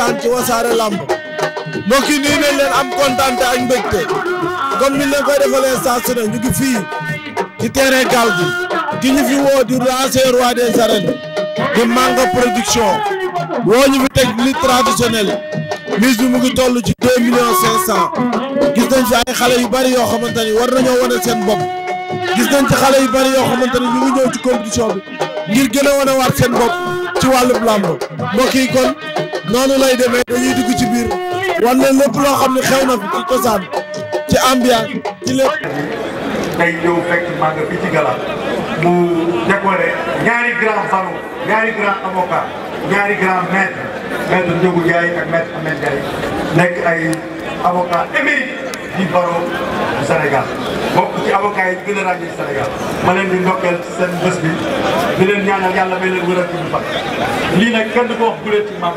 seetaan ci wasaare lamb mbokk yi nuyu nañ leen am kontaan te ak mbégte comme ni leen koy defalee saa su ne ñu ngi fii ci terrain gaal gi ki ñu fi woo di roi des arènes di Manga Production woo ñu fi teg li traditionnel mise bi mu ngi toll ci gis nañ fi ay xale yu bari yoo xamante ni war nañoo wane seen bopp gis nañ ci xale yu bari yoo xamante ñu ngi ñëw ci compétition bi ngir gën a wane waat seen bopp ci wàllub làmb mbokk yi kon noonu lay demee dañuy dugg ci biir wan leen lépp loo xam ne xew na fi ci cosaan ci ambiance ci lépp. tey ñëw fekk maa nga fi ci gala mu décoré ñaari grand fanu ñaari grand avocat ñaari grand maître maître Ndiogou Ndiaye ak maître Ahmed Ndiaye nekk ay avocat émérite di barreau du Sénégal ci avocat yi gën a ràññee Sénégal ma leen di ndokkeel seen bés bi di leen ñaanal yàlla may leen wëral ci lii nag kenn du ko wax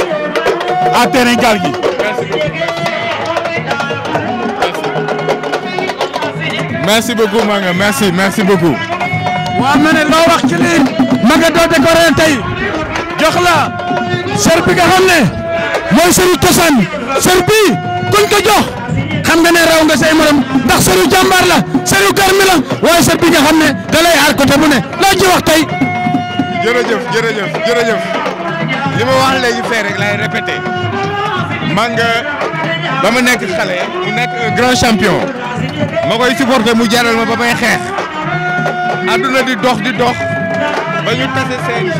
à terrain gaal gi. merci beaucoup Manga merci merci beaucoup. waa ma ne loo wax ci lii. Manga doo décorer tey jox la ser bi xam mooy seru cosaan ser bi kuñ ko jox xam nga ne raw nga say morom ndax seru jàmbaar la seru garmi la waaye ser bi nga xam ne da lay aar côté bu wax tey. jërëjëf jërëjëf jërëjëf. li ma wax léegi fee rek lay répété man nga ba ma nekk xale mu nekk grand champion ma koy supporté mu jaral ma ba may xeex adduna di dox di dox ba ñu tase CNG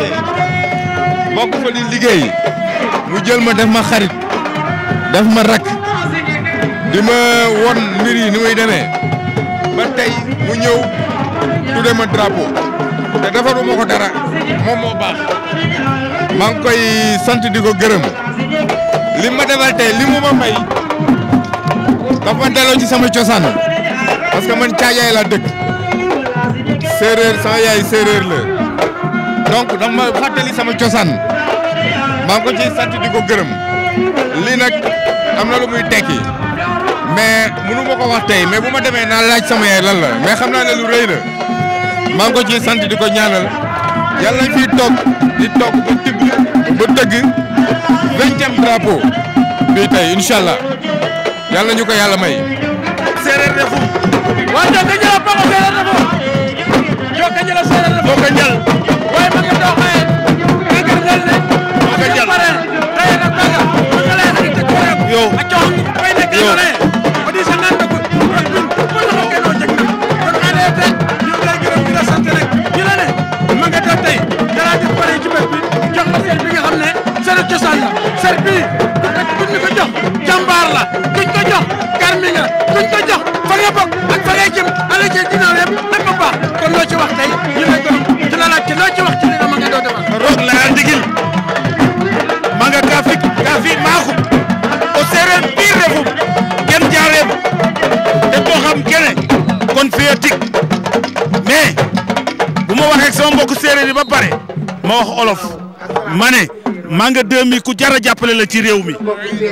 bokk fa di liggéey mu jël ma def ma xarit def ma rakk di ma won mbir yi ni muy demee ba tey mu ñëw tudde ma drapeau te defaruma ko dara moom moo baax maa ngi koy sant di ko gërëm li ma defal tey li mu ma may dafa delloo ci sama cosaan parce que man caajaay la dëkk séeréer sama yaay séeréer la donc dama ma fàttali sama cosaan maa ngi ko ciy sant di ko gërëm lii nag am na lu muy tekki mais mënu ma ko wax tey mais bu ma demee naa laaj sama yaay lan la mais xam naa ne rëy la maa ngi ko ciy sant di ko ñaanal. yàlla nañ fiy toog di toog ba tëgg ba tëgg vingtième drapeau fii tey incha allah yàlla nañu ko yàlla may. séeréer defu. waaw Jokalante Jalle Pogba séeréer defu. Jokalante Jalle séeréer defu. séeréer ba pare ma wax olof ma ne Manga 2000 ku jar a jàppale la ci réew mi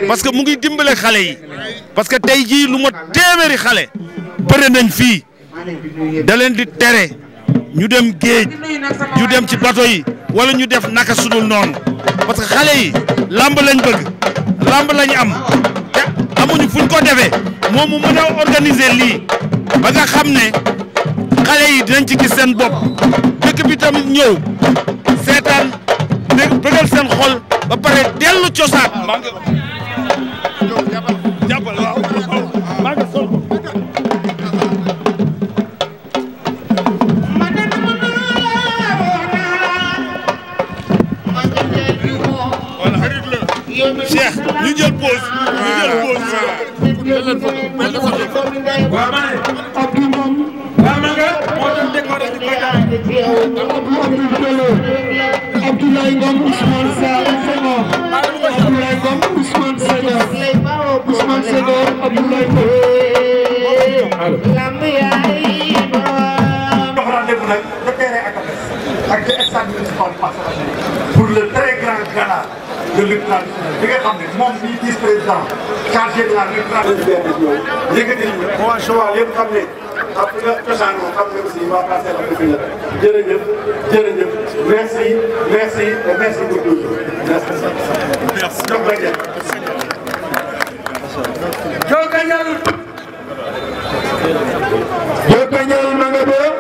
parce que mu ngi dimbale xale yi parce que tey jii lu ma téeméeri xale bëre nañ fii da leen di tere ñu dem géej ñu dem ci bato yi wala ñu def naka sudul noonu parce que xale yi lamb lañ bëgg lamb lañ am te amuñu fuñ ko defee moom mën a organiser lii ba nga xam ne xale yi dinañ ci gis seen bopp dëkk bi tamit ñëw seetaan dégg bëggal seen xol ba pare dellu cosaan. Ah, Cheikh ñu jël pause ñu jël pause. Abdou Bello Abdoulaye Ngom Ousmane Senghor Abdoulaye Ngom Ousmane Senghor Ousmane Senghor Abdoulaye Ngom lamb yaay doxala dégg nag le terrain ak a ak le stade municipal pour le très grand gala de lutte traditionnelle bi nga xam ne moom mii vice président chargé de la lutte traditionnelle yëkkati ñu waaw yëpp xam ne xam nga cosaan moom xam nga aussi waa Parcelles am na fi nga jërëjëf jërëjëf merci merci merci pour toujours merci. merci jox ko njëkk. Diop Kañal. Diop Kañal ma nga boo.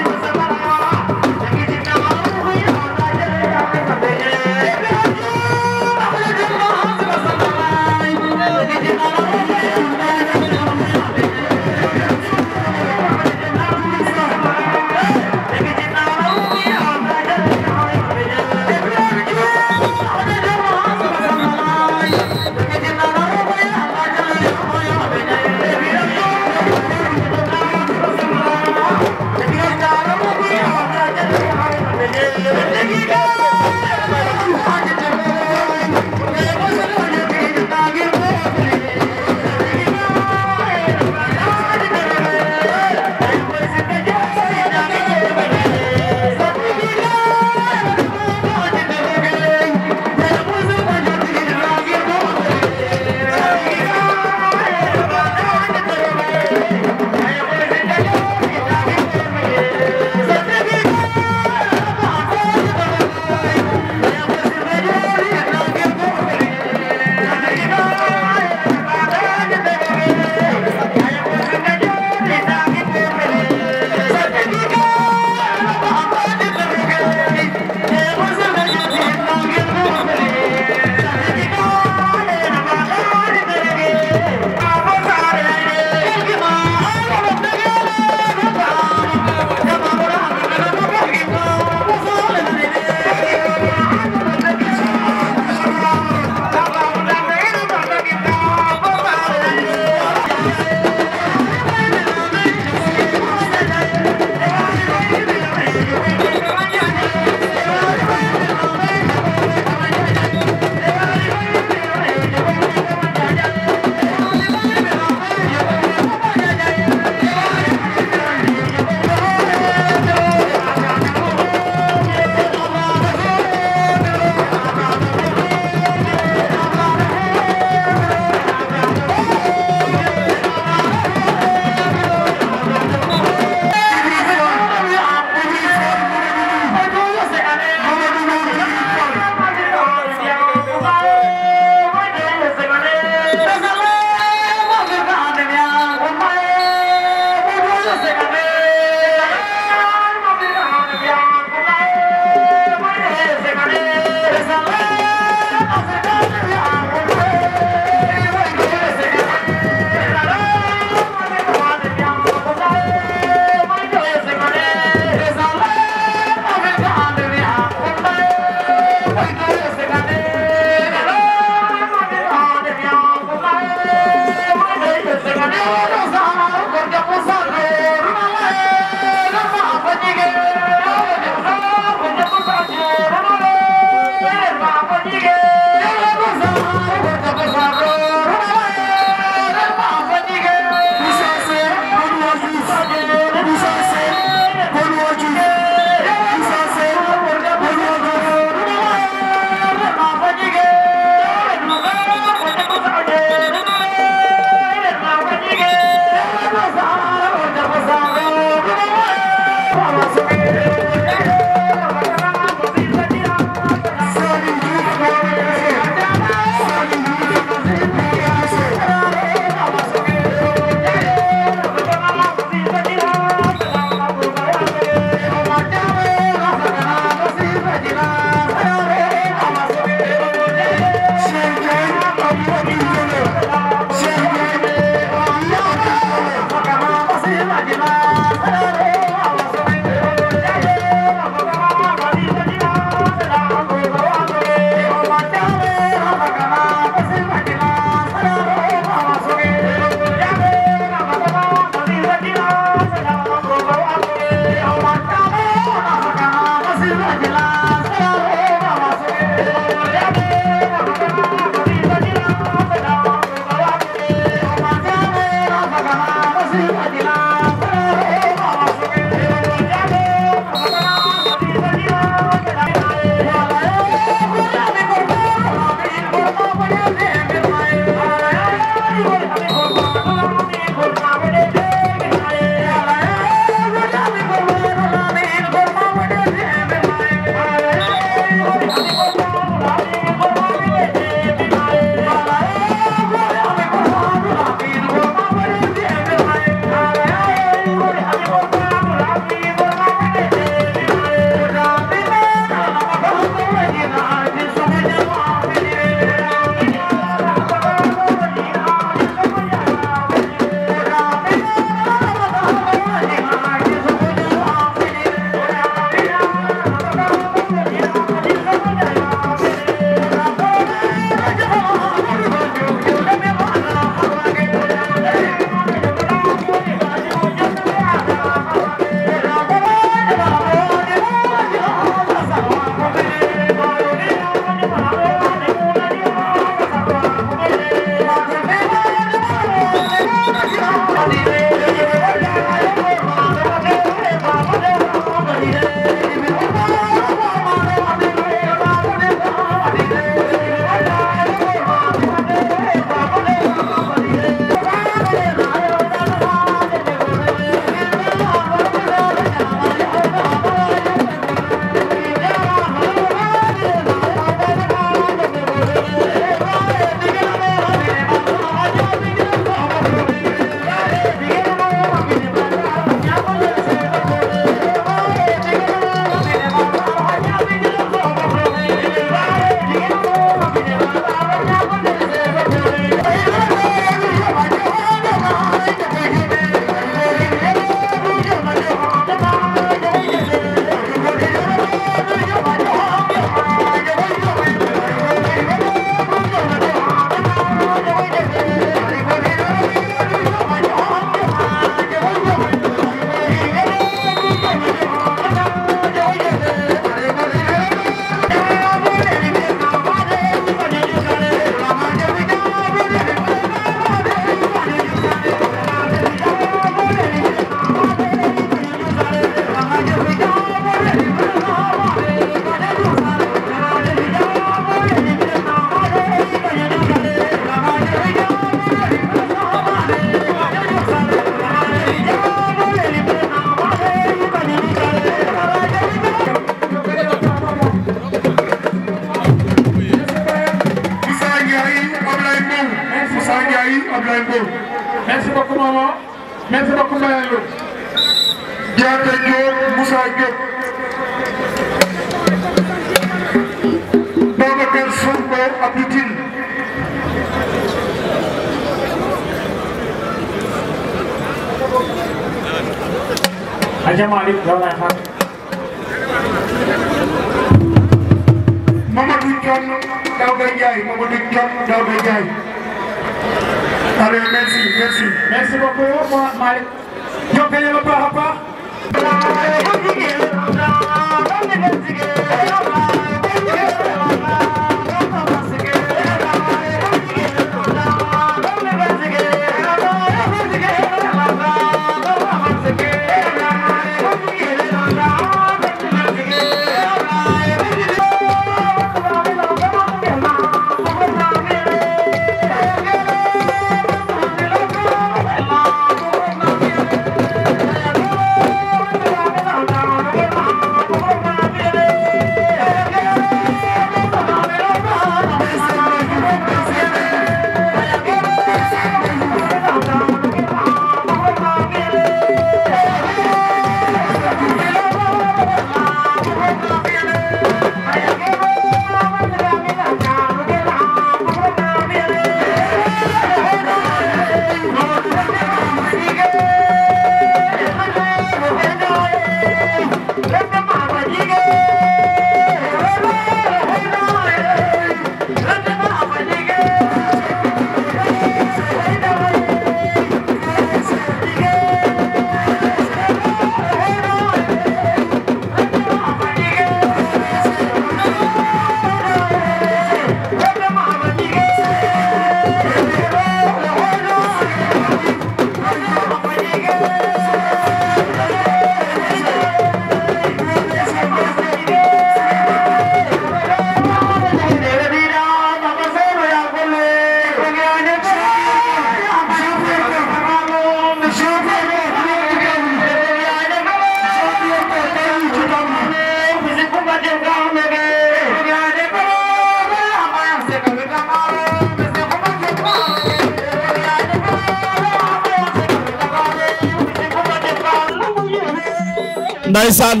ndaysaan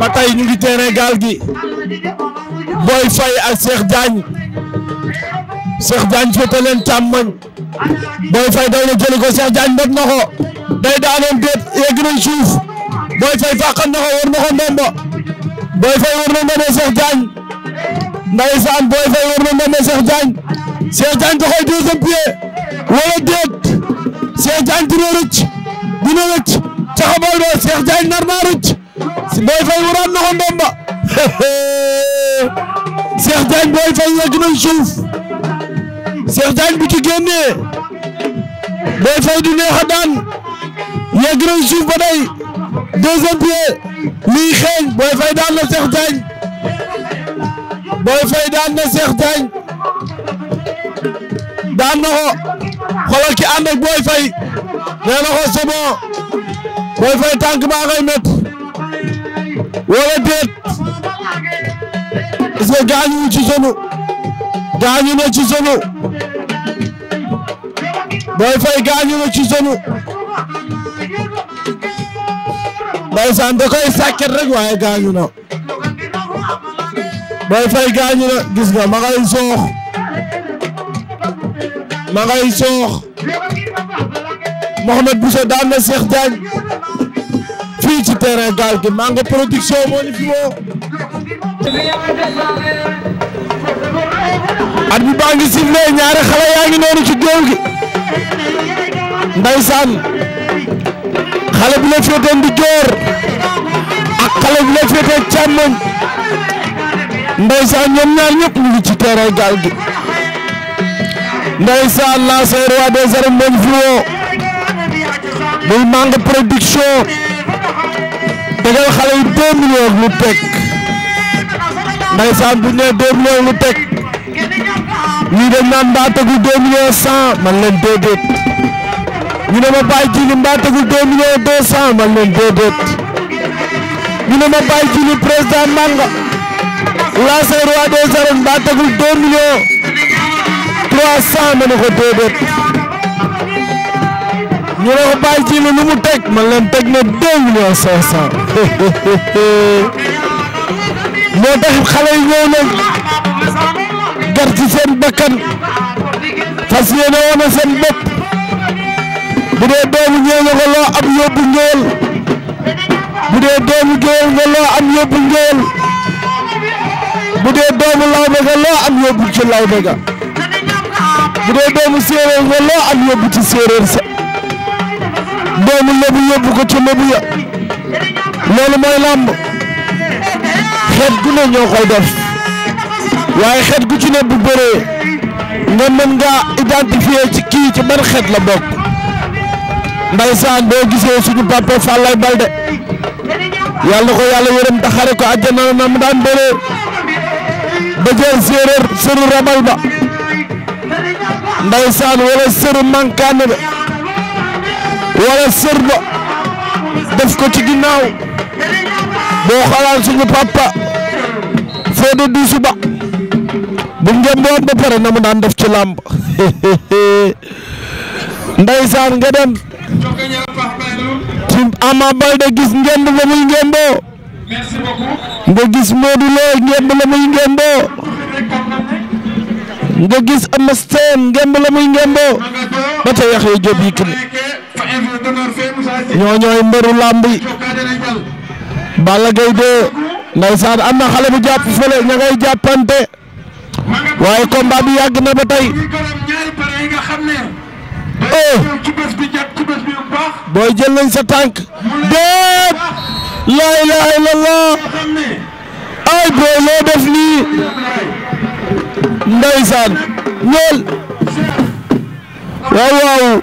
ba tey ñu ngi terrain gaal gi Boy Faye ak Cheikh Diagne Cheikh Diagne féete leen càmmoñ Boy Faye daw na jëli ko Cheikh Diagne na ko day daanoon déet yegg nañ suuf Boy Faye fàqan na ko war na ko ndombo Boy Faye war na ndombo Cheikh Diagne ndaysaan Boy Faye war na ndombo Cheikh Diagne Cheikh Diagne da koy deuxième pied wala déet Cheikh Diagne dina rëcc dina rëcc taxawal ba Cheikh Diagne nar naa rëcc Boy Faye waraat na ko ndomba Cheikh Diagne Boy Faye yegg nañ suuf Cheikh Diagne bu ci génnee Boy Faye du neex a daan yegg nañ suuf ba day deuxième pied lii xeeñ Boy Faye daan na Cheikh Diagne Boy Faye daan na Cheikh Diagne daan na ko xoolal ki ànd ak Boy Faye nee na ko c'est bon Boy Faye tànk ba ngay métti wala déet est ce que gaañu ci sonu gaañu na ci sonu Boy Faye gaañu na ci sonu ndeysaan da gaañu na Boy Faye gaañu gis nga ma ngay soox ma ngay soox Mohamed Bousso daan na Cheikh Diagne terrain gaal gi Manga Production moo ñu fi woo. at bi baa ngi sifflé ñaari xale yaa ngi noonu ci géew gi. Ndeysaan xale bu la féetee ndijoor ak xale bu la féetee càmmoñ Ndeysaan ñoom ñaar ñu ngi ci terrain gaal gi. Ndeysaan la roi des arènes moo ñu fi woo muy Manga Production. tegal xale yi deux millions lu teg ndaysaan bu ñu nee deux millions lu teg ñii dañ naan mbaa tegul deux millions cent man leen déedéet ñu ne ma bàyyi ji li mbaa tegul deux millions deux cent man leen déedéet ñu ne ma bàyyi ji li président Manga lancer roi des arènes mbaa tegul deux millions trois cent ma ne ko déedéet ñu ne ko bàyyi ji lu mu teg man leen teg na deux millions cinq cent moo tax xale yi ñëw nañ gar ci seen bakkan fas yéene woon seen bopp bu dee doomu ñëw nga loo am yóbbu ñëwal bu dee doomu géwél nga bu dee doomu lawbe nga loo am yóbbu ci lawbe ga bu dee doomu séeréer nga loo am yóbbu ci séeréer si doomu lebu yóbbu ko ci lebu ya loolu mooy làmb xeet gu ne ñoo koy def waaye xeet gu ci ne bu bëree nga mën nga identifier ci kii ci ban xeet la bokk ndeysaan boo gisee suñu papa Fallay Balde yàlla ko yàlla yërëm taxare ko àjjana na mu daan bëree ba jël séeréer sëru rabal ba ndeysaan wala sëru mankaane ba wala sër ba def ko ci ginnaaw boo xalaat suñu papa Fodé Doussou Ba bu ngëmboon ba pare na mu daan def ci làmb ndeysaan nga dem ci Ama Baldé gis ngëmb la muy ngëmboo nga gis Modou Lo la muy ngëmboo nga gis Ama Sène ngëmb la muy ngëmboo ba ca Yaxya Jóob Yékini ñoo ñooy mbëru làmb yi Balla Gaye 2 ndeysaan am na xale bu jàpp fële ña ngay jàppante waaye combat bi yàgg na ba tey oh booy jël nañ sa tànk déet la ilaha illallah ay booy loo def nii ndeysaan ñool waaw waaw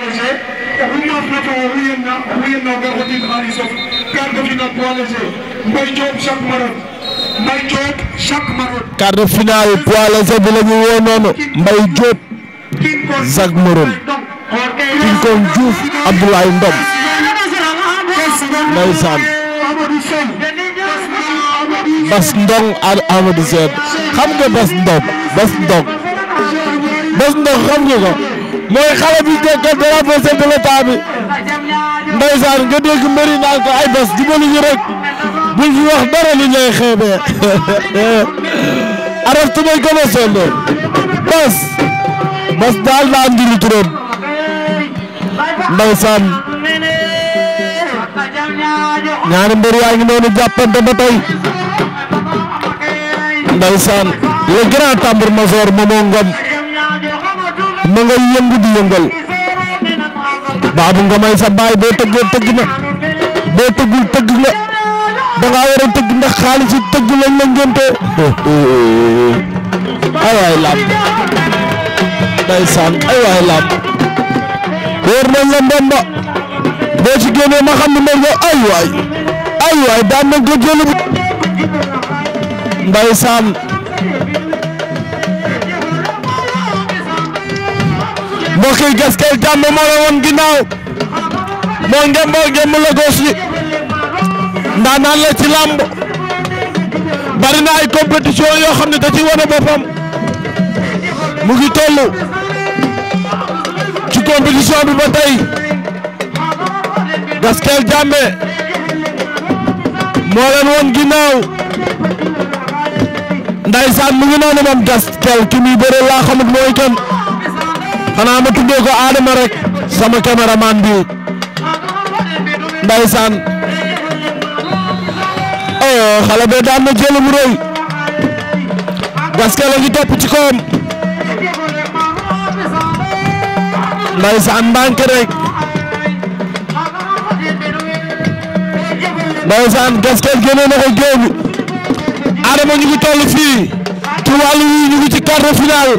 léger oxu maafna to oxu yerna oxu yerna o gar xotin xaalis of quart de finale poids léger Mbaye Diop chaque marone Mbaye Diop chaque marone quart Ndom ndeysaan Bas Ndong xam nga Bas Ndong Bas Ndong Bas Ndong xam nga ko mooy xale bi ko drapeau chef de l'État bi ndeysaan nga dégg mbëri ay bas dimbali ñu rek bul wax dara li lay xeebee araf tumay ko bas bas daal na am ndiru turam ndeysaan ñaari mbër yaa ngi noonu jàppante ba tey ndeysaan le grand tambour major Momo Ngom ma ngay yëngu di yëngal baabu nga may sa baay boo tëggee tëgg na boo tëggul tëgg na da ngaa war a tëgg ndax xaalis yi tëgg lañ la ngéntee ay waay làmb ndeysaan ay waay làmb wóor nañ génnee ma xam ne mbir nga ay waay ay waay daan nañ ko jëlu ndeysaan mbokk yi Gaskel Tàmb moo la woon ginnaaw moo ngem moo ngem la gos yi ndaanaan la ci làmb bari na ay compétition yoo xam ne ta ci wane boppam mu ngi toll ci compétition bi ba tey Gaskel Tàmb moo leen woon ginnaaw ndaysaan mu ngi noonu moom Gaskel ki muy bëre laa xamut mooy kenn xanaa ma tuddee ko Adama rek sama caméraman bi ndeysaan oh xale bee daan na jël bu rëy gaskela ngi topp ci koom ndeysaan ndànk rek ndeysaan gaskel génne na ko géew bi Adama ñu ngi toll fii ci wàllu wi ñu ngi ci quart de finale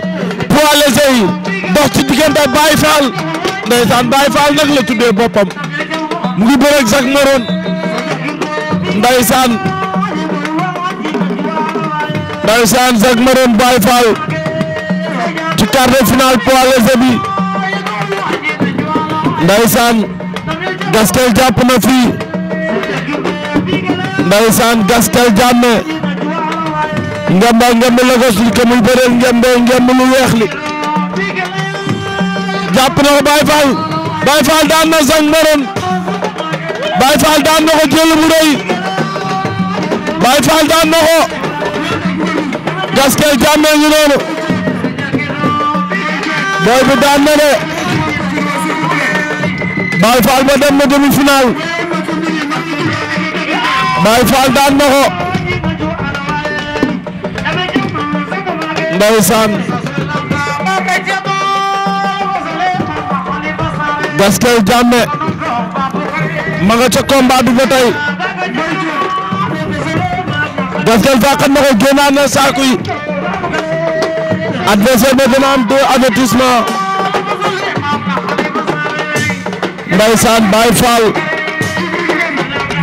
poids léger yi diggante Baye Fall ndeysaan Baye Fall nag la tuddee boppam mu ngi bëreeg Zack Maroon ndeysaan ndeysaan Zack Maroon Baye Fall ci quart de finale poids léger bi ndeysaan Gaskel jàpp ngemba ngemb Lagos li ko muy bëreel ngemb ngemb lu weex jàpp na ko Baye Fall Baye Fall daan na Zang Maron Baye Fall daan na ko jël bu rëy Baye Fall daan na ko Gaskel Jammeh ñu noonu booy bi daan na de Baye Fall ba dem na demi-finale Baye Fall daan na ko ndeysaan Gaskel Jammeh ma nga ca combat bi ba tey Gaskel fàqat na ko génnaat na saako yi adversaire bi dina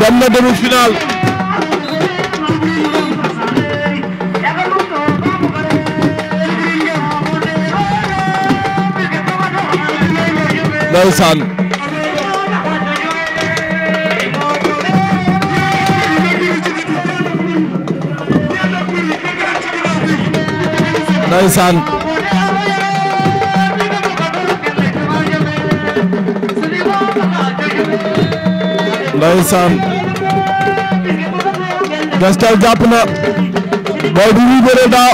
dem na demi ndeysaan ndeysaan ndeysaan Gaskel jàpp na booy bi muy bëre daa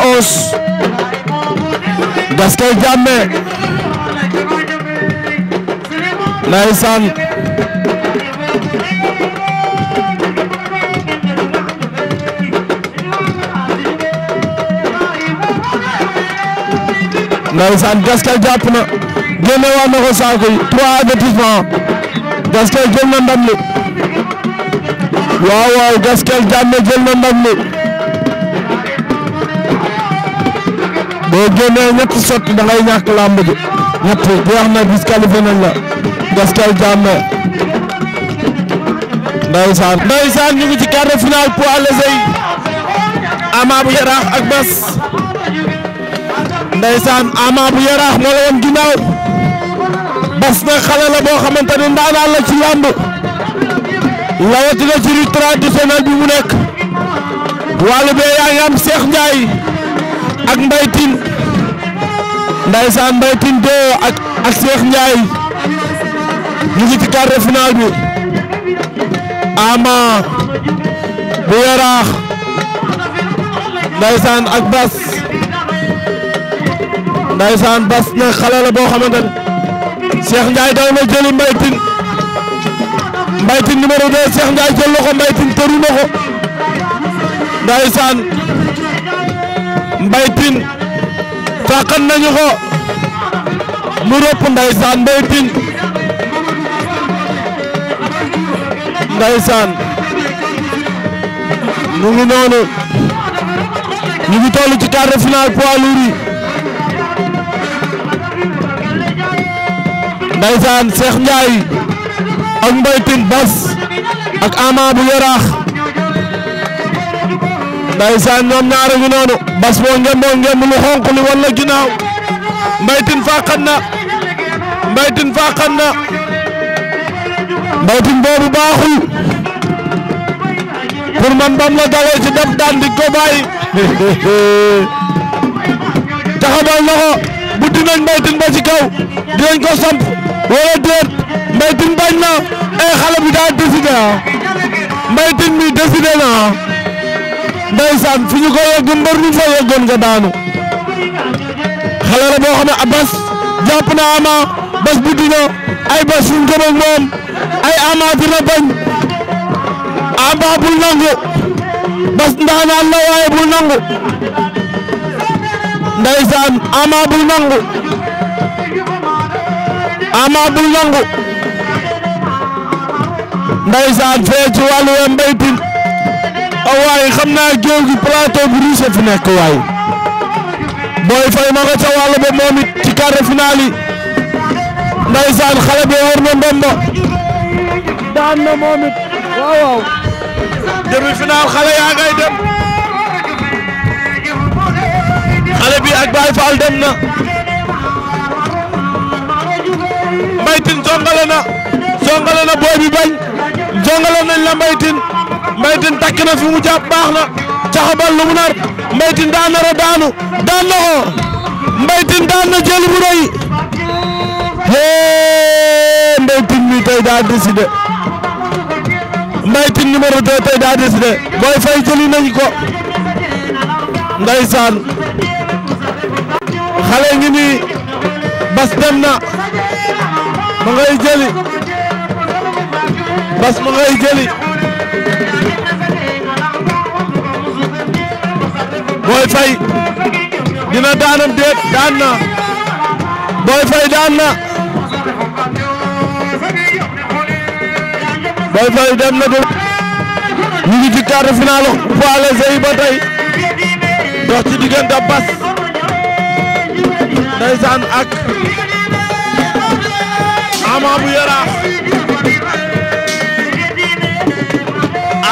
ndeysaan ndeysaan Gaskel jàpp na génne waa na ko saako yi trois avertissement Gaskel jël na ndam li waaw waaw Gaskel Diané jël na ndam li boo génnee ñetti sotti da ngay ñàkk làmb ji ñett Gaskel Diamé ndeysaan ndeysaan ñu ngi ci quart de finale poids léger Ama bu Yaraax ak Bas ndeysaan Ama bu Yaraax moo la woon ginnaaw Bas nag xale la boo xamante ne ndaanaan la ci làmb rawatina ci lutte bi mu nekk wàllu bee yaa ngi am Cheikh ak Mbaye Tine ndeysaan Mbaye Tine doo ak ak Cheikh Ndiaye ñu ngi ci quart de bi Ama bu yaraax ndaysaan ak Bas ndaysaan Bas nag xale la boo xamante ne Cheikh Ndiaye daw na jëli Mbaye Tine Mbaye Tine numéro 2 Cheikh Ndiaye jël na ko Mbaye Tine tëru na ko ndaysaan Mbaye Tine ndeysaan mu ngi noonu ñu ngi toll ci quart de finale poids lourds yi ndeysaan Cheikh Ndiaye ak Mbaye Tine Bass ak Ama bu Yaraax ndeysaan ñoom ñaar ngi noonu Bass lu xonq walla ginnaaw Mbaye Tine faaxan na ndawtin boobu baaxul pour man la dalee ci daan di ko bàyyi taxabal na ko buddi nañ ba ci kaw dinañ ko samp wala déet ndawtin bañ na ay eh, xale bi daa décidé ah ndawtin mi décidé na ah fi ñu ko yegg mbër mi fa yeggoon nga daanu xale la boo xam ne na ama bas buddi na ay bas fu mu gëm moom. ay ama dina bañ ama bul nangu bas ndaanaan la waaye bul nangu ndeysaan ama bul nangu ama bul nangu ndeysaan fee ci wàllu wem mbaytin a oh, waay xam naa géew gi plateau fi nekk waay booy fay ma nga ca ba moom it ci quart de finale yi ndeysaan xale war na ndomba daan na moom it waaw waaw. yaa ngay dem. bi ak Baye Fall dem Mbaytin jongale na. jongale na booy bi Mbaytin. Mbaytin fi mu jàpp baax na. caxabal Mbaytin daan na ra daanu. Mbaytin daan na jël tey daa décidé Mbaye Tine numéro 2 tey daa décidé Boy Faye jëli nañ ko ndeysaan xale ngi nii bas dem na ma ngay jëli bas ma ngay jëli Boy Faye dina daanam déet daan na Boy Faye daan na Boy Faye dem na du ñu ngi ci quart de finale poids léger ba tey dox ci diggante Bass ndeysaan ak Ama bu Yaraax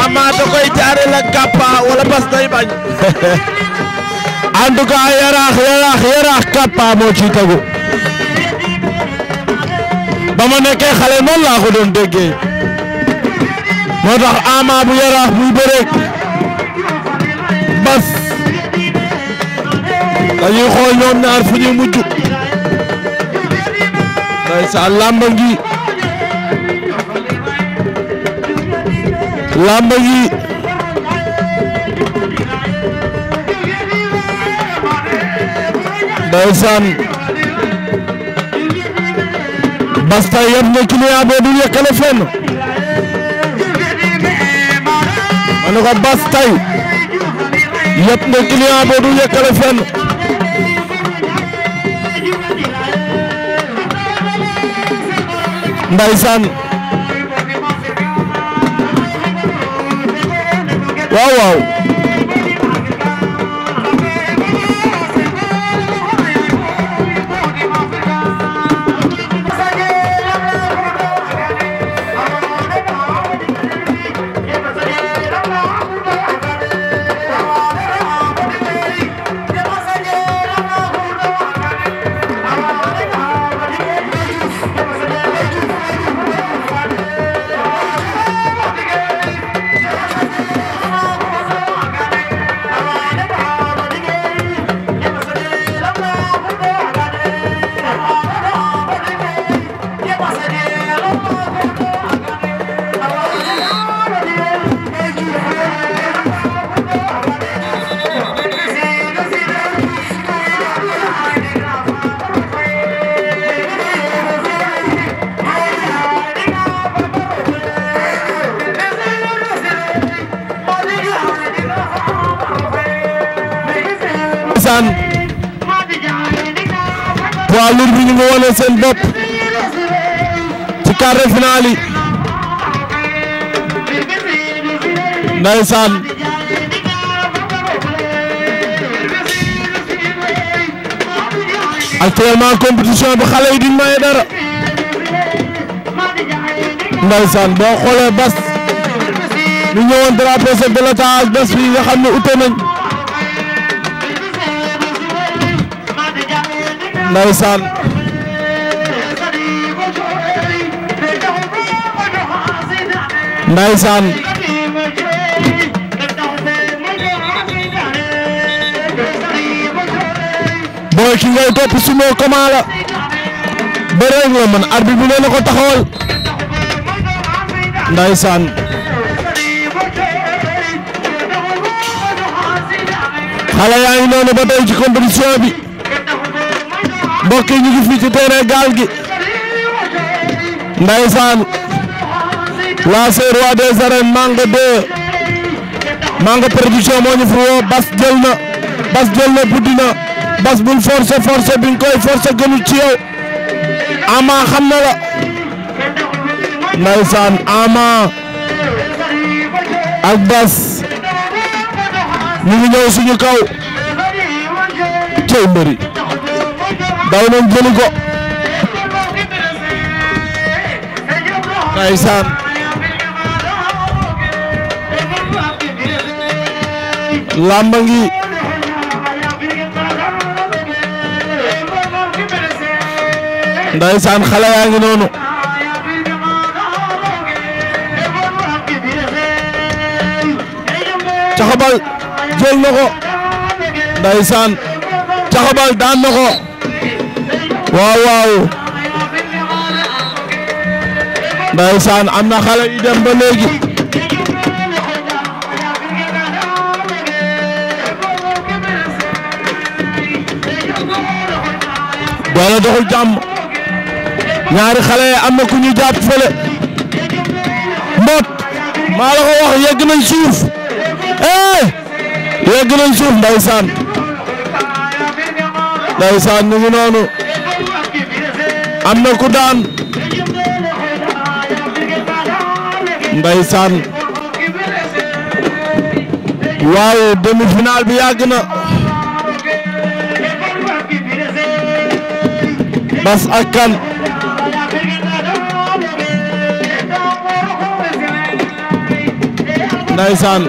Ama da koy jaare kappa wala Bass day bañ en tout cas Yaraax kappa moo ci tegu ba ma nekkee xale noonu laa ko doon moo tax Ama bu Yaraax buy bëreeg Bas dañuy xool ñoom ñaar fu mujj ndeysaan làmb ngi làmb ngi Bas tey yëpp na client boobu yëkkale fenn ma ne ko Bass tey yëpp nga client boo du yëkkale waaw wane ci quart de finale yi ndeysaan bi xale yi duñ maye dara ndeysaan boo xoolee bas ñu ñëwoon drapeau chef de l'État ak bas bi nga xam ndaysaan booy ki ngay topp sumo comment la bëre man arbitre bi nee na ko taxawal ndaysaan xale yaa ngi noonu ba tey ci compétition bi mbokk fii ci terrain gaal gi ndaysaan lancé roi des arènes Manga 2 Manga production moo ñu fi woo Bas jël na Bas jël na buddi na Bas bul forcé forcé bi nga koy forcé gënu ci yow Ama xam na la ndeysaan Ama ak Bas ñu ngi ñëw suñu kaw cey mbëri daw nañ jëli ko làmba ngi ndaysaan xale yaa ngi noonu caxabal jël na ko ndaysaan caxabal daan na ko waaw waaw ndaysaan am na xale yu dem wala doxul jàmm ñaari xale am ku ñu jàpp fële mbot maa la ko wax yegg nañ suuf eh yegg nañ suuf ndeysaan ndeysaan ñu ngi noonu na ku daan ndeysaan waaye demi-finale bi yàgg Bass ak Kane ndaysaan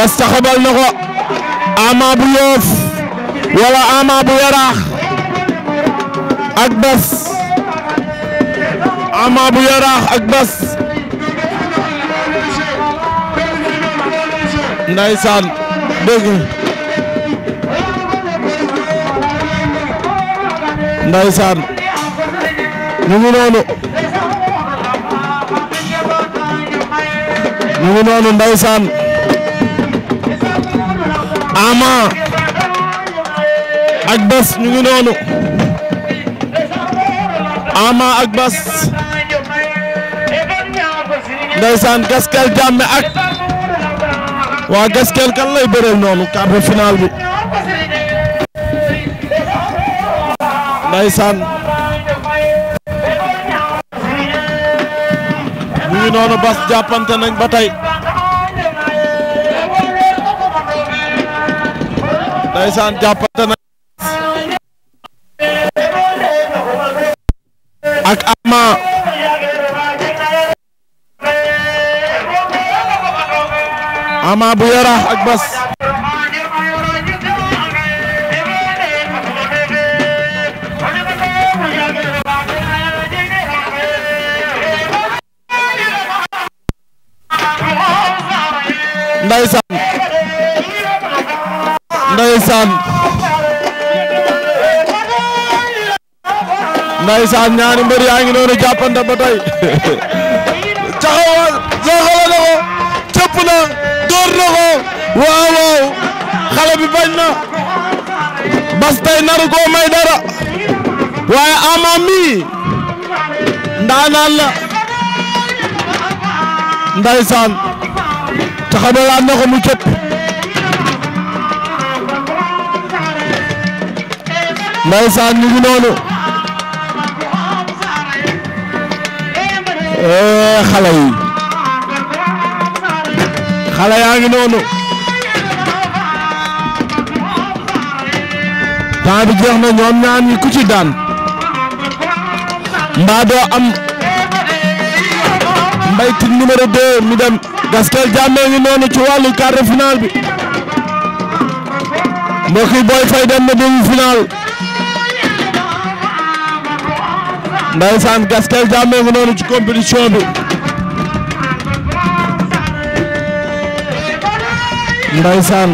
Bass taxabal na ko Ama bu Yoff wala Ama bu Yaraax ak Bass Ama bu Yaraax ak Bas ndaysaan dégg ndaysaan ñu ngi noonu ñu ngi noonu ndaysaan Ama ak Bas ñu ngi noonu Ama ak Bas ndeysaan Gaskel Jammeh ak waa Gaskel kan lay bëreel noonu quart de bi ndeysaan ñu ngi noonu nañ ba tey ndeysaan jàppante Franc bu Yaraax ak Bas Ndeysaan Ndeysaan Ndeysaan ñaari mbër yaa ngi noonu jàppante ba tey caxawal soxala na ko door waaw waaw xale bi bañ na bas tey naru koo dara waaye ama mi ndaanaan la ndaysaan taxabalaan na ko mu cëpp ndaysaan ñu ngi noonu eh, xale yaa ngi noonu temps jeex na ñoom ñaar ñi ku ci daan mbaa doo am Mbaye Tine numéro 2 mi dem Gaskel Diamé ngi noonu ci wàllu quart de bi mbokk yi Boy Faye dem na demi-finale Gaskel Diamé ngi noonu ci compétition bi. Ndeysaan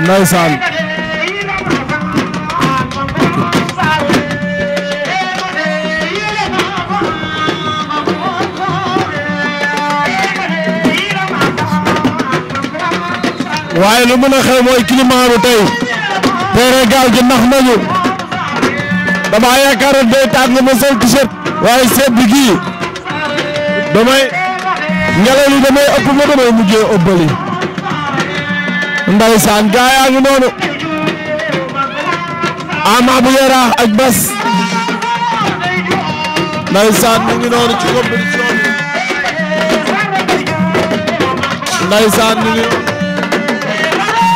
Ndeysaan waaye lu mën a xew mooy climat bi tey Goré Gaal gi nax nañu damaa yaakaaroon day tàng ma sol t-shirt waaye seet bi damay ngelaw li damay ëpp ma damay mujjee ëbbali ndeysaan gaa yaa ngi noonu Ama bu Yaraax ak Bas ndeysaan ñu ngi noonu ci compétition bi ndeysaan ñu ngi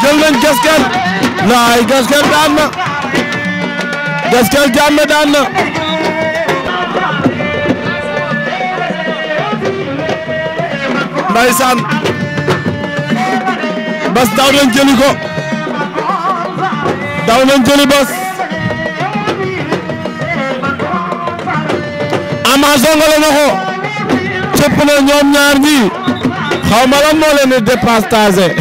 jël nañ gaskel laay gaskel daan na gaskel daan na ndaysaan bas daw nañ jëli ko daw nañ jëli bas ama na ko cëpp na xaw ma lan moo leen di départager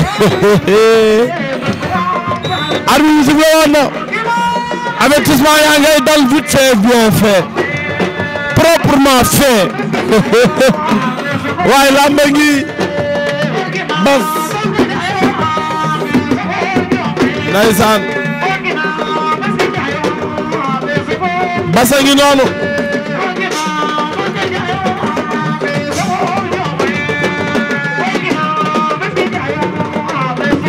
bi su woon na yaa ngay dal vite fait bien fait proprement fait waaye ngi bas ndeysaan basa ngi noonu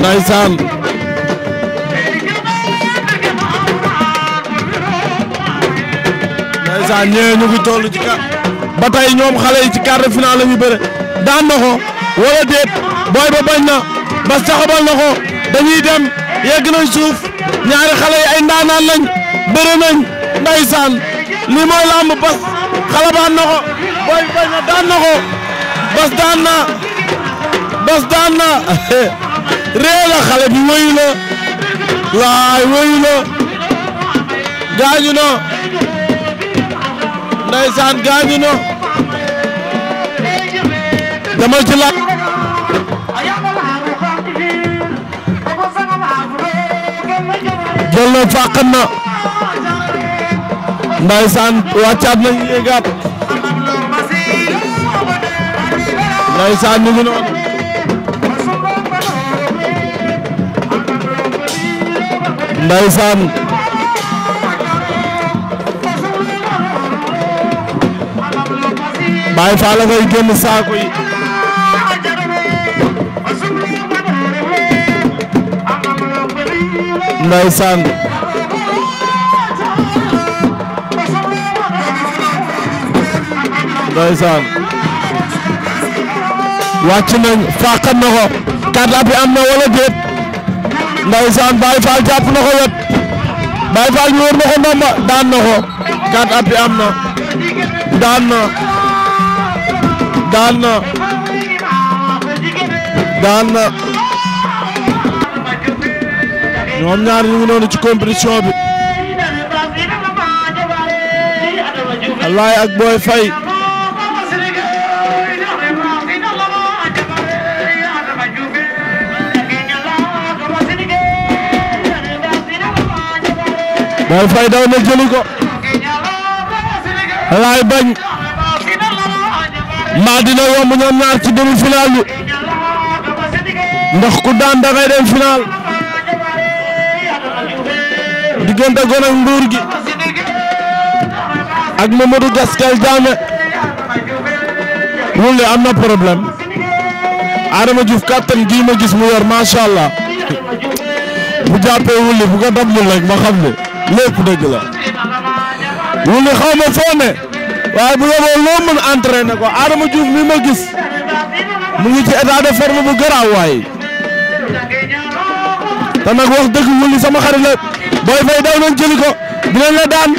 ndaysaan ndaysaan ñee ñu ngi ci ka ba tey ñoom xale yi ci quart de finale la daan na ko wala booy ba bañ na ba saxabal na ko dañuy dem yegg nañ ñaari xale yi ay ndaanaan lañ bëre nañ ndaysaan lii mooy bas xalabaan na ko booy bañ na daan na bas daan na bas daan na réer la xale bi wéyu la waay wéyu la gaañu na ndeysaan gaañu na dama ci la jël na fàqan na ndeysaan wàccaat nañu yéegaat ndeysaan ñu ngi noonu Ndeysaan Baye Fall la ngay génn saako yi Ndeysaan Ndeysaan wàcc na ko kàddaa bi am na wala déet Ndeysaan Baye Fall jàpp na ko wet Baye Fall ñu wër na ko ndomba daan na ko kat api am na daan na daan na daan na ñoom ñaar ñu ngi noonu ci compétition bi. Alaay ak Boy Faye. Boy Faye daw na jëli ko laay bañ maa dina yomb ñoom ñaar ci demi-finale bi ndax ku daan da ngay dem finale diggante Gone ak Ndour gi ak Mamadou Gaskel Diané wulli am na problème Adama Diouf kàttan gii ma gis mu yor macha allah bu jàppee wulli bu ko dablu rek ma xam ne. lépp dëgg la ñu ne xaw ma foo ne waaye bu yóbboo loo mën entraîné ko Adama Diouf mi ma mu ngi ci état de forme bu garaaw waaye te nag wax dëgg wuli sama xarit la Boy Faye daw nañ jëli ko dinañ la daan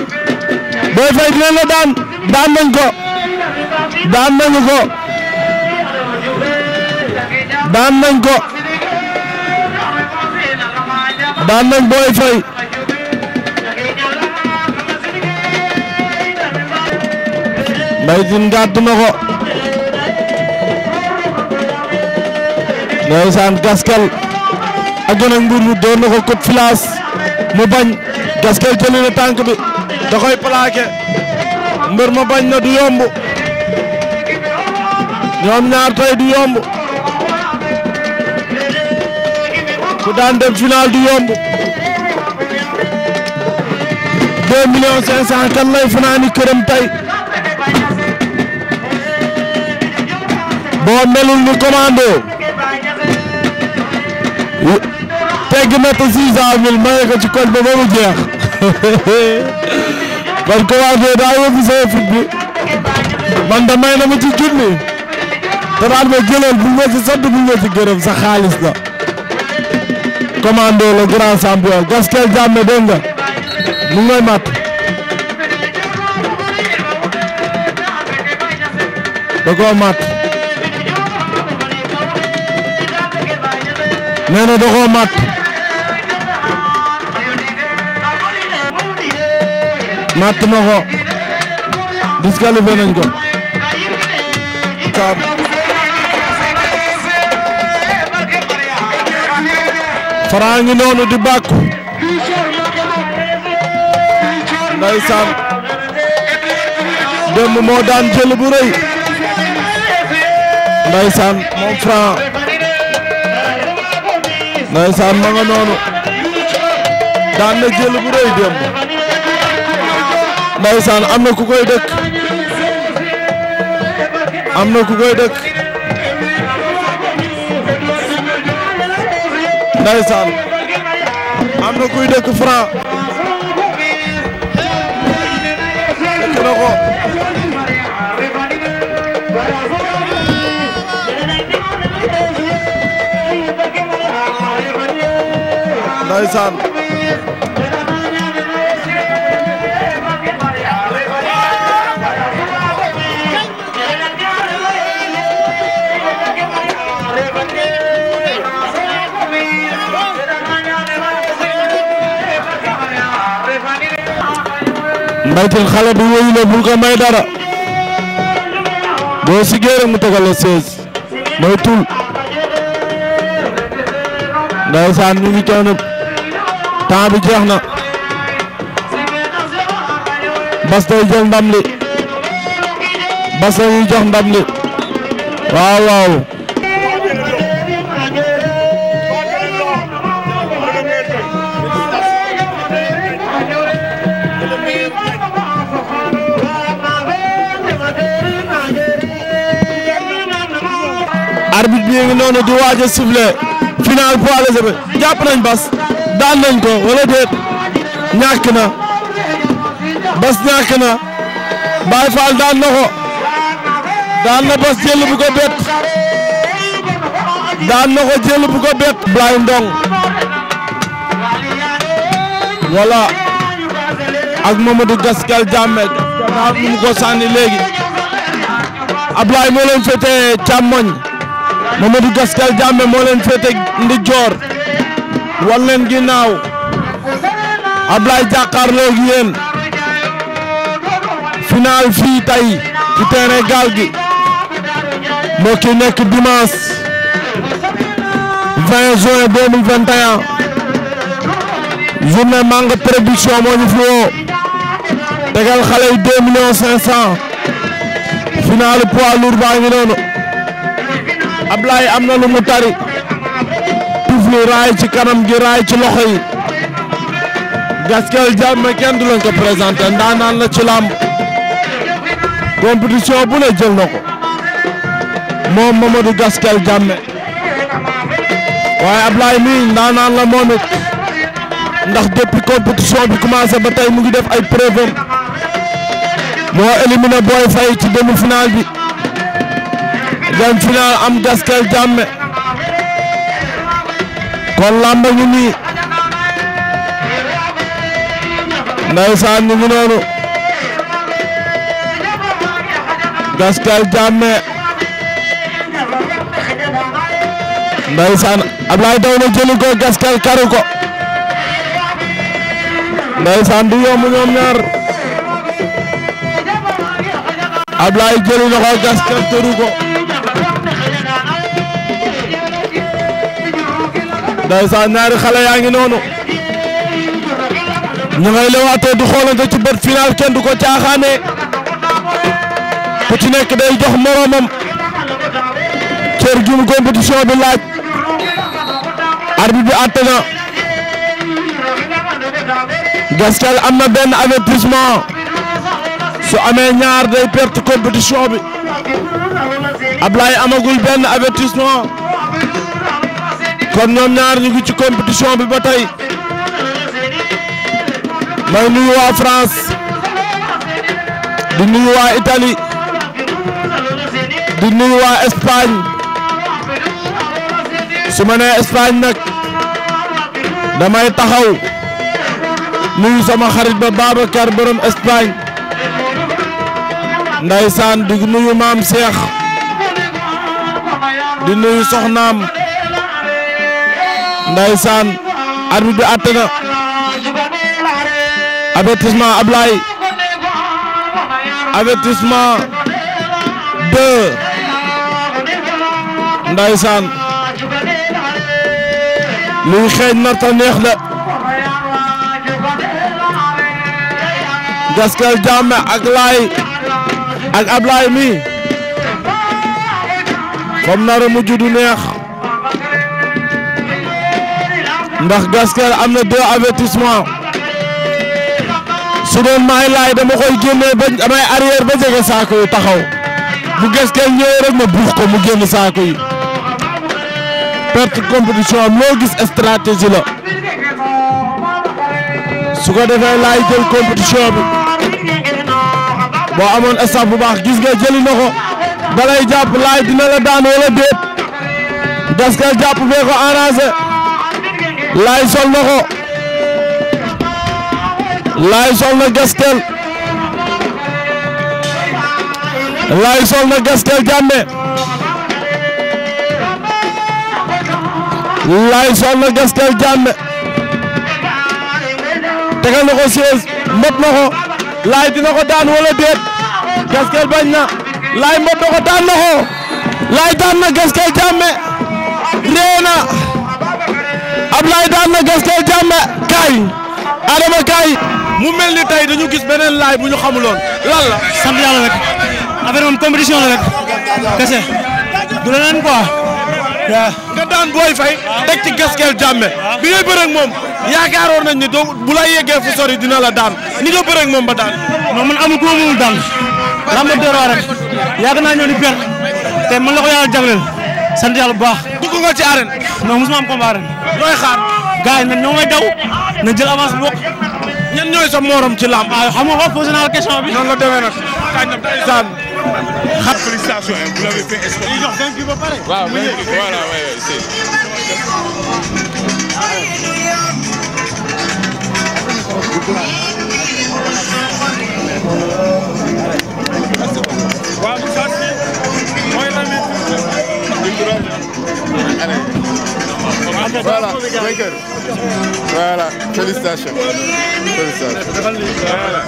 Boy Faye dinañ la daan daan nañ ko daan nañu ko daan nañ ko Mbaye Tine gàtt na ko gaskel ak gën a nguur bi doon na ko filaas mu bañ gaskel jëli na tànk bi da koy plaqué ma bañ na du yomb ñoom ñaar tey du yomb ku daan dem final du yomb deux millions cinq cent kan lay fanaani këram boo melul ni commando tegg na te 600000 maye ko ci koñ ba ba mu jeex kon commando daa yóbbu sa fit bi man may na ma ci junni te daan ma jëlal bu ma ci sant bu ma ci gërëm xaalis la commando le grand champion gaskel jàmme dégg nga mu ngay nee na da mat mat na ko disqualifié nañ ko kaam Franc noonu di bàkku ndeysaan démb moo daan jël bu rëy ndeysaan Franc ndeysaan ma nga noonu daan na jël bu rëy démb ndeysaan am na ku koy dëkk am na ku koy dëkk ndeysaan am na kuy dëkk Franc dëkk na ko ndeysaan mbaytin xale bi wéyu la bul ko may dara boo sigee rek mu tegal la seize mooy tul ndaysaan ñu ngi coono temps bi jeex na Bass day jël ndam li Bass dañuy jox ndam li waaw waaw arbitre bi ngi noonu di waaj a siffler final poids léger jàpp nañ Bass daan nañ ko wala déet ñàkk na bas ñàkk na Baye Fall daan na ko daan na bas jël bu ko bett daan na ko jël bu ko bett Blaye Ndong wala ak Mamadou Gaskal Jammeh naa nu mu ko sànni léegi Ablaye moo leen féete càmmoñ Mamadou Gaskal Jammeh moo leen wan leen ginnaaw Ablaye jàkkaarloo ak yéen final fii tey ci terrain Gaal gui moo ki nekk dimanche 20 juin 2021 journée Manga moo ñu fi woo tegal xale yi 2 millions 500 final poids lourd baa ngi na lu mu tari. ci kanam gi raay ci loxo yi Gaskel Diame kenn du leen ko waaye Ablaye mii ndaanaan la moom ndax depuis compétition bi commencé ba tey mu ngi def ay preuve moo éliminé Boy ci demi-finale bi dem finale kon lamba ñu nii ndaysaan ñu ngi noonu Gaskel Jamme ndaysaan Ablaye daw na jëli ko Gaskel karu ndeysaan ñaari xale yaa ngi noonu ñu ngay lewaatoo du xoolante ci bët final kenn du ko caaxaane ku ci nekk day jox moromam cër jum compétition bi laaj arbitre bi àtte na Gaskel am benn avertissement su amee ñaar day perte compétition bi Ablaye amagul benn avertissement kon ñoom ñaar ñu ngi ci compétition bi ba tey may nuyu waa France di nuyu waa Italie di nuyu waa Espagne su ma nee Espagne nag damay taxaw nuyu sama xarit ba Babacar borom Espagne ndaysaan di nuyu maam Cheikh di nuyu soxnaam ndeysaan arbitre bi àtte na avertissement Ablaye avertissement deux ndeysaan luy xeeñ narta neex de Gaskel Jaame ak Laay ak Ablaye mi comme nara mujj neex ndax Gaskel am na deux avertissement su doon maay laay dama koy génnee ba damay arrière ba jege saako yi taxaw bu Gaskel ñëwee rek ma buux ko mu génn saako yi perte compétition am ko defee laay jël compétition bi boo amoon staff bu baax gis nga jëli na ko balay jàpp laay dina la daan wala déet Gaskel jàpp bee ko arrangé. laay sol na gaskel jàmme laay sol na gaskel jàmme tegal na ko siis mot na ko laay dina ko daan wala déet gaskel bañ na laay mot na ko daan na ko laay daan na gaskel jàmme réew na Ablaye daan na Gaskel Jàmme kaay Adama kaay mu mel ni tey dañu gis beneen laay bu ñu xamuloon lan la. sant yàlla rek affaire moom compétition la rek kese du leneen quoi. daan booy fay. teg ci Gaskel Jàmme bi ngay bëreeg moom yaakaaroon nañ ni doo bu la yeggee fu sori dina la daan ni nga bëreeg moom ba daan. non man amul ku ma mënul daan. lamb dooroo rek yàgg naa ñëw di per te man la ko yàlla jagleel sant yàlla baax. dugg nga ci arène. non mosuma am combat arène. looy xaar gars yi nag ñoo ngay daw na jël avance bi bokk ñan ñooy sa morom ci lamb waaw ah, xam nga ko posé naa la question bi. noonu la demee nag. saan xam félicitations vous l'avez fait ñu jox vaincu ba pare. waaw voilà waaw. waaw. voilà vainqueur voilà félicitations félicitations voilà.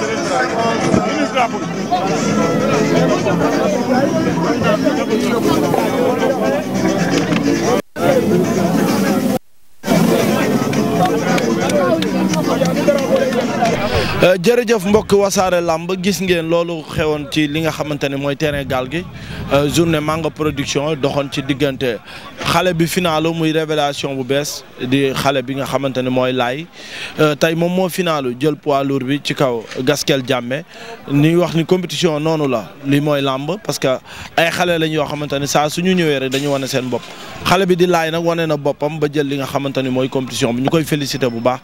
Euh, jërëjëf mbokk wasaare lamb gis ngeen loolu xewoon ci li nga xamante ne mooy terrain gaal gi euh, journée Manga Production doxoon ci diggante xale bi finalu muy révélation bu bees di xale bi nga xamante ne mooy laay euh, tey moom moo finalu jël pois lourd bi ci kaw Gaskel Jàmme ni wax ni compétition noonu la li mooy lamb parce que ay xale lañ yoo xamante ne saa suñu ñëwee rek dañu wane seen bopp xale bi di laay nag wane na boppam ba jël li nga xamante ne mooy compétition bi ñu koy félicité bu baax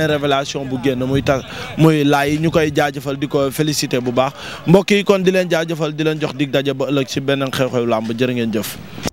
beneen révélation bu génn muy tax muy laay ñu koy jaajëfal félicité bu baax mbokk yi kon di leen jaajëfal di leen jox dig daje ba ëllëg si beneen xew-xew làmb jërë ngeen jëf.